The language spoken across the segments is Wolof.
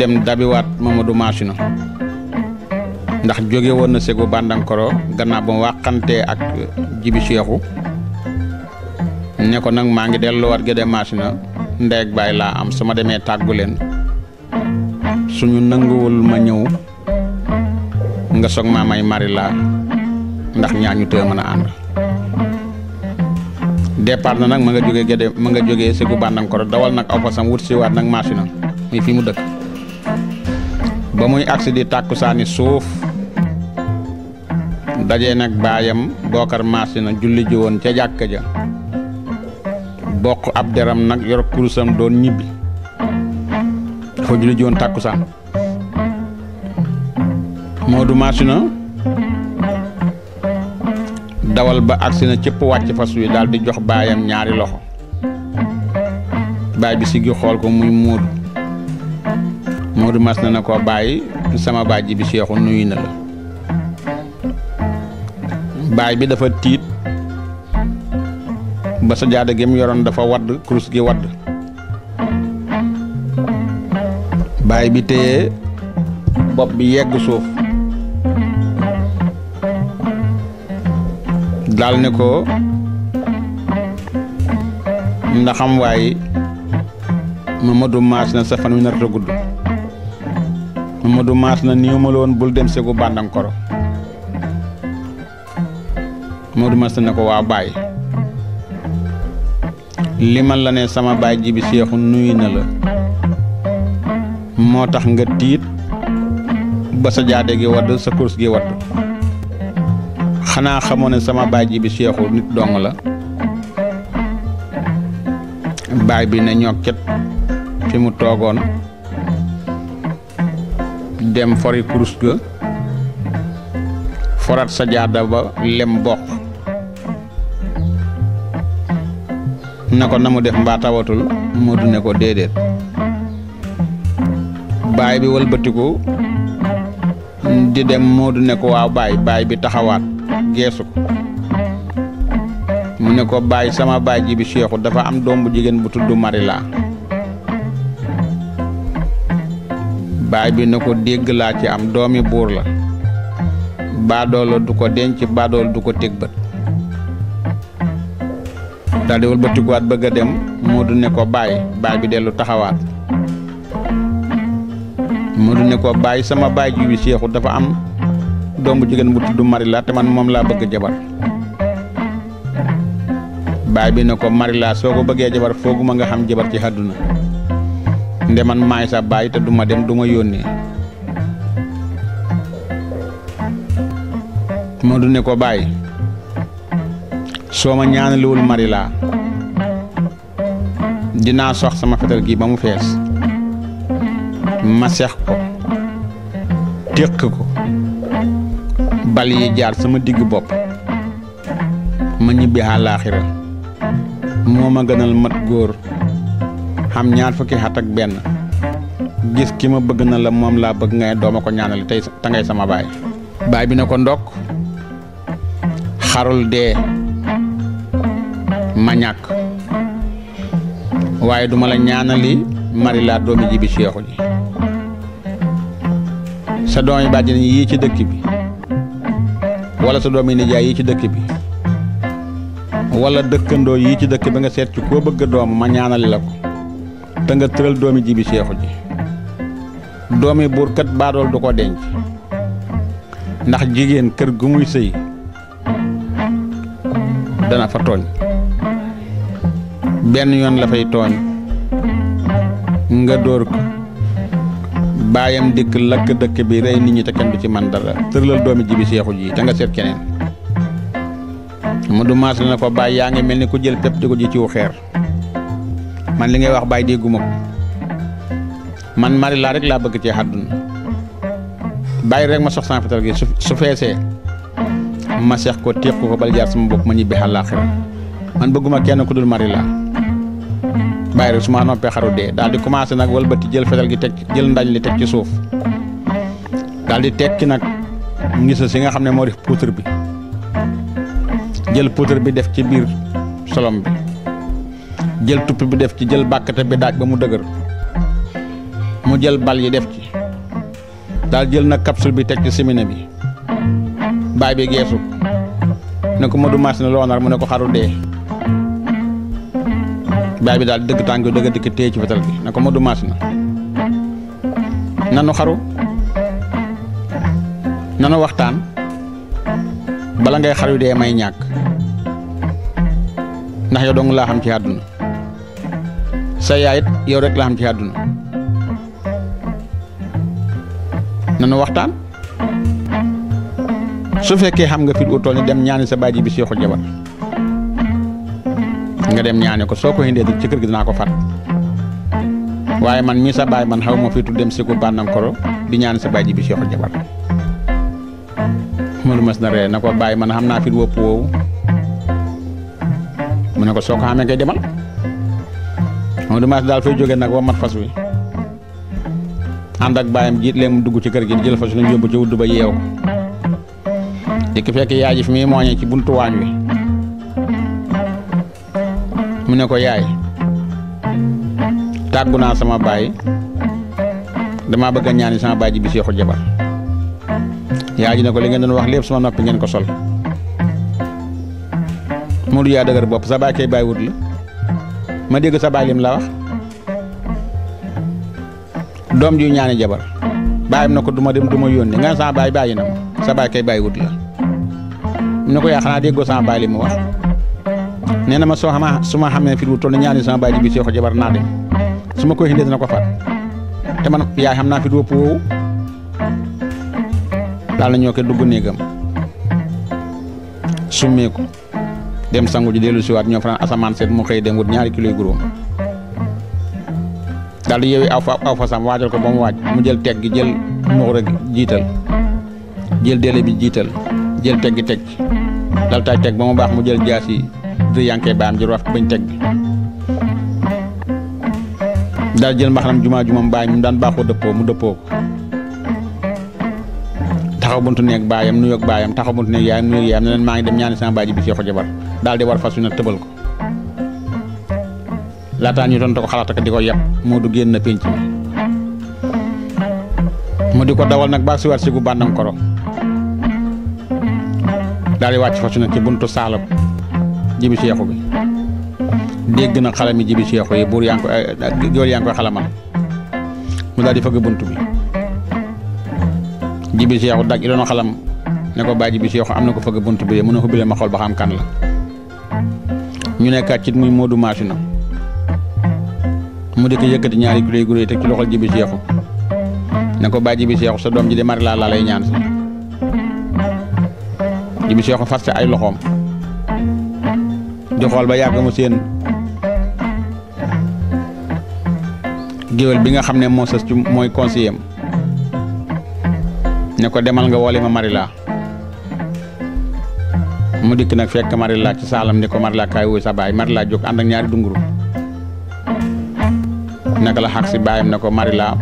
dem dabiwaat Mamadou Masina ndax jóge woon na segu bàndankoro gannaaw ba mu waxantee ak jibi seexu ne ko nag maa ngi delluwaat Gédé Masina ndey ak baay laa am su ma demee tàggu leen suñu nanguwul ma ñëw nga soog maa may mari laa ndax ñaañu tëë mën a ànd départ na nag ma nga jógee Gédé ma nga jógee segu bàndankoro dawal nag aw fasam wut siwaat nag Masina muy fii mu dëkk ba muy agsi di tàkkusaani suuf daje nag baayam bookar marché na julli woon ca jàkka ja bokk ab deram nag yor kurusam doon ñibbi dafa julli ji woon tàkkusaan Moodu marché na dawal ba agsi na cëpp wàcc fas wi daal di jox baayam ñaari loxo baay bi siggi xool ko muy Moodu Modou mas na na koo bàyyi sama baay ji bi Seexu nuyu na la baay bi dafa tiit ba sa jaada gi mu yoroon dafa wadd kurus gi wadd baay bi téye bopp bi yegg suuf daal ne ko ndaxam waaye Mamadou maas na sa fan wi narta gudd Mamadou maat na nii ma la woon bul dem segu bàndankoro Mamadou maat na ko waa baay li man la ne sama baay ji bi seexu nuyu na la moo tax nga tiit ba sa jaade gi wadd sa course gi wadd xanaa xamoo ne sama baay jibi bi seexu nit dong la baay bi ne ñokket fi mu toogoon dem fori kurus ga forat sa jaada ba lem bokk na ko na mu def mbaa tawatul moo du ne ko déedéet baay bi wëlbatiku di dem moo ne ko waaw baay baay bi taxawaat geesu mu ne ko baay sama baay ji bi seexu dafa am doom bu jigéen bu tudd Mari laa baay bi na ko dégg laa ci am doomi buur la baadoolo du ko denc baadoola du ko teg bët daldi wëlbatikuwaat bëgg a dem Moodu ne ko bàyyi baay bi dellu taxawaat Moodu ne ko bàyyi sama baay ji seexu dafa am doom bu jigéen bu tudd mari la te man moom laa bëgg jabar baay bi ne ko mari soo ko bëggee jabar fooguma nga xam jabar ci àdduna ndeman man maay sa baay te du ma dem du ma yónnee ne ko baay soo ma ñaanalewul mari laa dinaa sox sama fetal gi ba mu fees ma sex ko téq ko bal yi jaar sama digg bopp ma ñibbi àllaaxira moo ma gënal mat góor xam ñaar fukki at benn gis ki ma bëgg na la moom laa bëgg nga dooma ko ñaanale tey te ngay sama baay baay bi ne ko ndokk xarul dee ma ñàkk waaye duma la ñaanali mari laa doomi ji bi seexu ji sa doomi bàjjen yii ci dëkk bi wala sa doomi nijaay yii ci dëkk bi wala dëkkandoo yii ci dëkk bi nga seet ci koo bëgg doom ma ñaanali la ko te nga tëral doomi jibi seexu ji doomi buur kat baadool du ko denc ndax jigéen kër gu muy sëy dana fa tooñ benn yoon la fay tooñ nga dóor ko baayam dikk lakk dëkk bi rey nit ñi te kenn bi ci man dara tëralal doomi jibi seexu ji te nga seet keneen mu du maas na ko bàyyi yaa ngi mel ni ku jël pepp di ko ji ciw xeer man li ngay wax bàyyi dégguma ko man mari laa rek laa bëgg ci àdduna bàyyi rek ma sox sama fetal gi su feesee ma seex ko téeq ko bal jaar sama bopp ma ñibbi àllaaxira man bëgguma kenn ku dul mari laa bàyyi rek su ma noppee xaru dee daal di commencé nag wal walbati jël fetal gi teg jël ndañ li teg ci suuf daal di ki nag ngisa si nga xam ne moo di poudre bi jël poudre bi def ci biir solom bi jël tuppi bi def ci jël bàkkate bi daaj ba mu dëgër mu jël bal yi def ci daal jël na capsule bi teg ci semine bi baay bi geesu ne ko Modou Massi ne loo nar mu ne ko xaru dee baay bi daal dëgg tànk dëgg dikk téye ci fetal bi ne ko Modou Massi na nanu xaru nanu waxtaan bala ngay xaru dee may ñàkk ndax yow laa xam ci àdduna sa yaayit yow rek la xam ci àdduna nanu waxtaan su fekkee xam nga fit wu toll ni dem ñaani sa baay ji bi seexul jabar nga dem ñaani ko soo ko indee ci kër gi dinaa ko fat waaye man mii sa baay man moo ma fitu dem si ko bànnam koro di ñaani sa baay ji bi seexul jabar Modou mas na ree na ko bàyyi man xam naa fit wopp woowu mu ne ko soo ko xamee kay demal moom dimanche daal fay jógee nag wa mat fas wi ànd ak baayam jiit leen mu dugg ci kër gi jël fas wi ñu yóbbu ci wudd ba yeew ko dikk fekk yaay ji fi muy mooñee ci buntu waañ wi mu ne ko yaay tàggu naa sama baay damaa bëgg a ñaani sama baay ji bi seexu yaay ji ne ko li ngeen doon wax lépp sama noppi ngeen ko sol mu du yaa dëgër bopp sa baay kay baay wut ma dégg sa baay lim la wax doom ju ñaani jabar bàyyam na ko duma dem duma yónni nga sama baay bàyyi na ma sa baay kay bàyyi wut la ne ko yaa xanaa déggoo sama baay lim wax nee na ma soo xama su ma xamee fi mu toll ñaani sama baay ji bi seexu jabar naa dem su ma koy xindee dina ko far te man yaay xam naa fi wópp woowu daal na ñoo ko dugg néegam summeeku dem sangu ji dellu siwaat ñoo fanaan asamaan seet mu xëy dem wut ñaari kilo yu daal di yeewi aw fa aw fasam waajal ko ba mu waaj mu jël teg gi jël mux rek jiital jël délé bi jiital jël teg gi teg dal tay ba mu baax mu jël jaas yi di yankee baam ji raf bañ teg daal jël mbaxanam juma juma mbaay mu daan baaxoo dëppoo mu dëppoo taxaw buntu neeg baayam nuyoog baayam taxaw buntu neeg yaayam nuyoog yaayam ne leen maa ngi dem ñaani sama baaji bi seexu jabar daal di war fas wi nag tëbal ko laataa ñu doon ko xalaat di ko yeb moo du génn pénc mu di ko dawal nag ba siwaat sigu bànnam koro daal di wàcc fas wi nag ci buntu saalab jibi seexu bi dégg na xalami jibi seexu buur yaa ngi koy góor yaa ngi koy xalamal mu daal di fëgg bunt bi jibi seexu daj i doon xalam ne ko bàyyi jibi am na ko fëgg bunt bi mën a xubbile ma xool ba xam kan la ñu nekkaat ci muy moodu maasina mu dëkk yëkkati ñaari kuréy kuréy teg ci loxol jibi ne ko bàyyi jibi seexu sa doom ji de mari laa laa lay ñaan si jibi seexu far ay loxoom di xool ba yàgg mu seen géwél bi nga xam ne moo sës mooy conseiller ne ko demal nga woole ma Marila mu dikk nag fekk Marila ci saalam ni ko Marila kaay wuy sa baay Marila jóg ànd ak ñaari dunguru naka la xaq si baayam ne ko Marila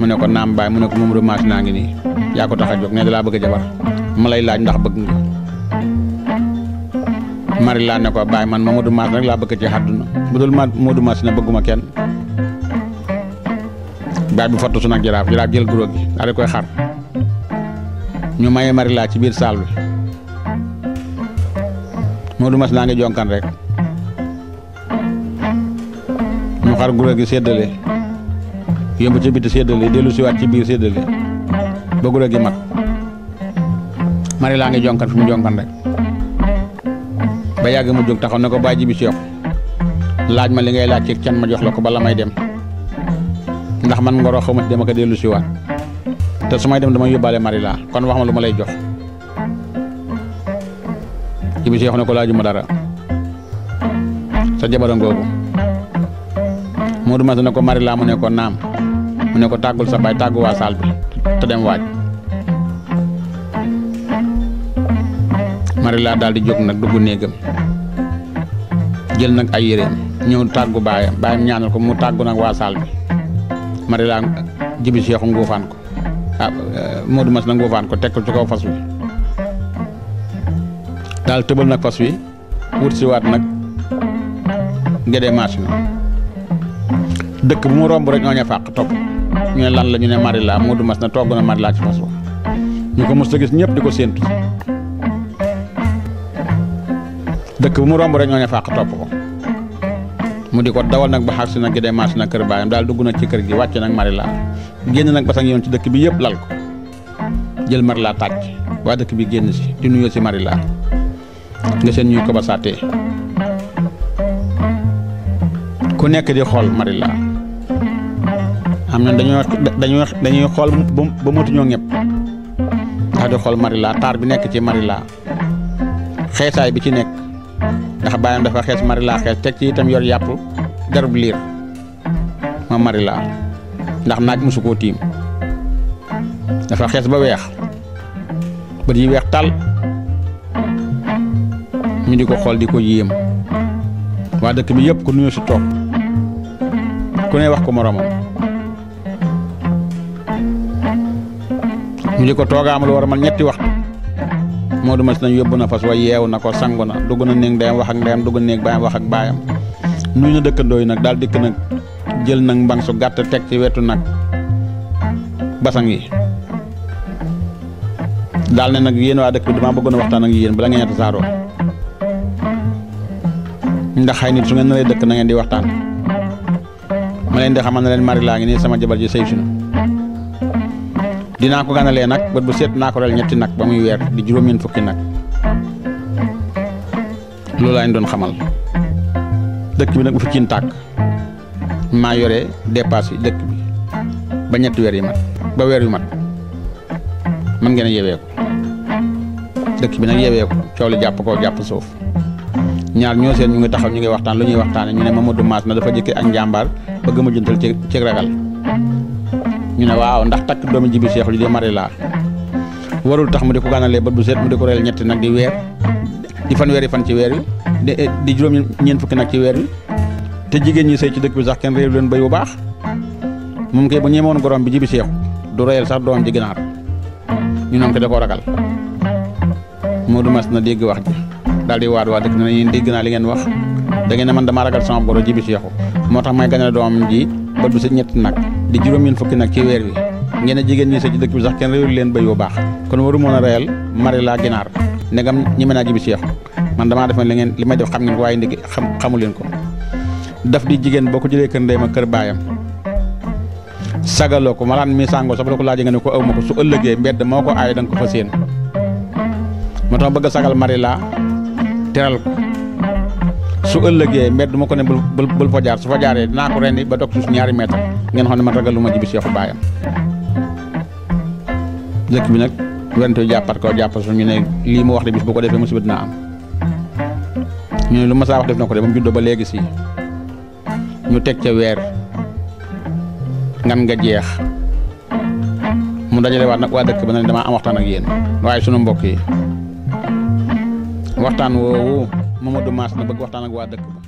mu ne ko naam baay mu ne ko moom remaas naa ngi nii yaa ko tax a jóg ne dalaa bëgg a jabar ma lay laaj ndax bëgg nga Marila ne ko baay man Mamadou Mass rek laa bëgg ci àdduna bu dul Mamadou Mass na bëgguma kenn baay bi fottu su jaraaf jaraaf jël guro gi koy xar ñu maye Mariela ci biir salle bi Modou Mas naa ngi jonkan rek ñu xar gura gi séddale yëmb ci biti séddale dellu siwaat ci biir séddale ba gura gi mat Mariela ngi jonkan fi mu jonkan rek ba yàgg mu jóg taxaw ne ko bàyyi ji bi laaj ma li ngay laaj ci can ma jox la ko bala may dem ndax man ngoro xaw ma dama ko dellu siwaat te su may dem dama yóbbaale Marila kon wax ma lu ma lay jox Ibou Cheikh ne ko laajuma dara sa jabaram googu Modou Massa ne ko Marila mu ne ko naam mu ne ko tàggul sa baay tàggu waa saal bi te dem waaj Marila daal di jóg nag dugg néegam jël nag ay yéreem ñëw tàggu baayam baayam ñaanal ko mu tàggu nag waa saal bi Marila jibi nguufaan ko. ah euh, Modou Mas na woofaan ko teg ko ci kaw fas wi daal tëbal nag fas wi wut si waat nag gédee marché na dëkk bu mu romb rek ñoo ña fàq topp ñu la ñu ne mari la Mas na togg na laa ci fas ñu ko mos a gis ñëpp di ko séentu dëkk bu mu romb rek ñoo ña fàq topp ko mu di ko dawal nag ba xaar si nag gédee marché na kër baayam daal dugg na ci kër gi wàcc nag mari laa génn nag basang yoon ci dëkk bi yëpp lal ko jël mari laa tàcc waa dëkk bi génn si di nuyoo si mari laa nga seen ñuy ko basaatee ku nekk di xool mari laa am na dañoo dañuy xool ba motuñoo ñëpp ndax di xool mari taar bi nekk ci mari laa xeesaay bi ci nekk ndax bàyyam dafa xees mari laa xees teg ci itam yor yàpp garub liir ma mari laa ndax naaj mosu koo tiim dafa xees ba weex bët yi weex tàll mu di ko xool di ko yéem waa dëkk bi yëpp ko nuyoo si toog ku ne wax ko moromam ñu di ko toogaam lu war a man ñetti wax moo du ma si nañ yóbbu na fas wa yeewu na ko sangu na dugg na néeg ndeyam wax ak ndeyam dugg néeg baayam wax ak baayam nuyu na dëkkandoo nag daal dikk nag jël nag mban su gàtt teg ci wetu nag basang yi daal ne nag yéen waa dëkk bi damaa bëggoon a waxtaan ak yéen bala ngeen a tasaaroo ndax xay nit su ngeen naree dëkk na ngeen di waxtaan ma leen di xamal na leen mari laa ngi nii sama jabar ji sëy si dinaa ko ganalee nag bët bu seet naa ko rel ñetti nag ba muy weer di juróom-ñeent fukki nag loolu doon xamal dëkk bi nag bu fi ciin tàkk maa yore dépasse yi dëkk bi ba ñetti weer yi mat ba weer yu mat man ngeen a yewee ko dëkk bi nag yewee ko coow li jàpp koo jàpp suuf ñaar ñoo seen ñu ngi taxaw ñu ngi waxtaan lu ñuy waxtaane ñu ne Mamadou Mass na dafa jëkkee ak njàmbaar bëgg ma juntal ci ci ragal ñu ne waaw ndax takk doomi jibi seexu li di mari laa warul tax mu di ko gànnalee bët bu seet mu di ko reel ñetti nag di weer di fan fan ci weer yi di juróom ñeent fukki nag ci weer wi te jigéen ñi sëy ci dëkk bi sax kenn réelu leen béy bu baax moom kay bu ñemoon gorom bi jibi seexu du reyal sax doom ji ginaar ñu noom ke da koo ragal du Mas na dégg wax ji daal di waat waa dëkk ne yéen dégg li ngeen wax da ngeen ne man dama ragal sama goro jibi moo tax may ganale doom ji ba du si ñetti nag di juróom ñeent fukki nag ci weer wi ngeen ne jigéen ñi sëy ci dëkk bi sax kenn réelu leen bay bu baax kon waru moon a reyal laa ginaar ndegam ñi mën naa jibi seexu man damaa def li li may def xam ngeen ko xam xamu leen ko daf di jigéen boo ko jëlee kër ndeyam ak kër baayam sagaloo ko ma mi sàngoo sax ba la ko laajee nga ko aw ma ko su ëllëgee mbedd moo ko aay da ko fa séen moo tax bëgg a sagal mari laa teral ko su ëllëgee mbedd moo ko ne bul bul fa jaar su fa jaaree dinaa ko rendi ba dog suuf ñaari mètre ngeen xam ne ma ragal lu ma ji bis yoo xam baayam dëkk bi nag wernte jàppat ko jàppat su ñu ne lii mu wax de bis bu ko defee musiba dina am ñu ne lu ma saa wax ko de moom ba léegi si ñu teg ca weer ngan nga jeex mu dajale waa nag waa dëkk ba ne dama am waxtaan ak yéen waaye sunu mbokk yi waxtaan woowu Mamadou Mass na bëgg waxtaan waa dëkk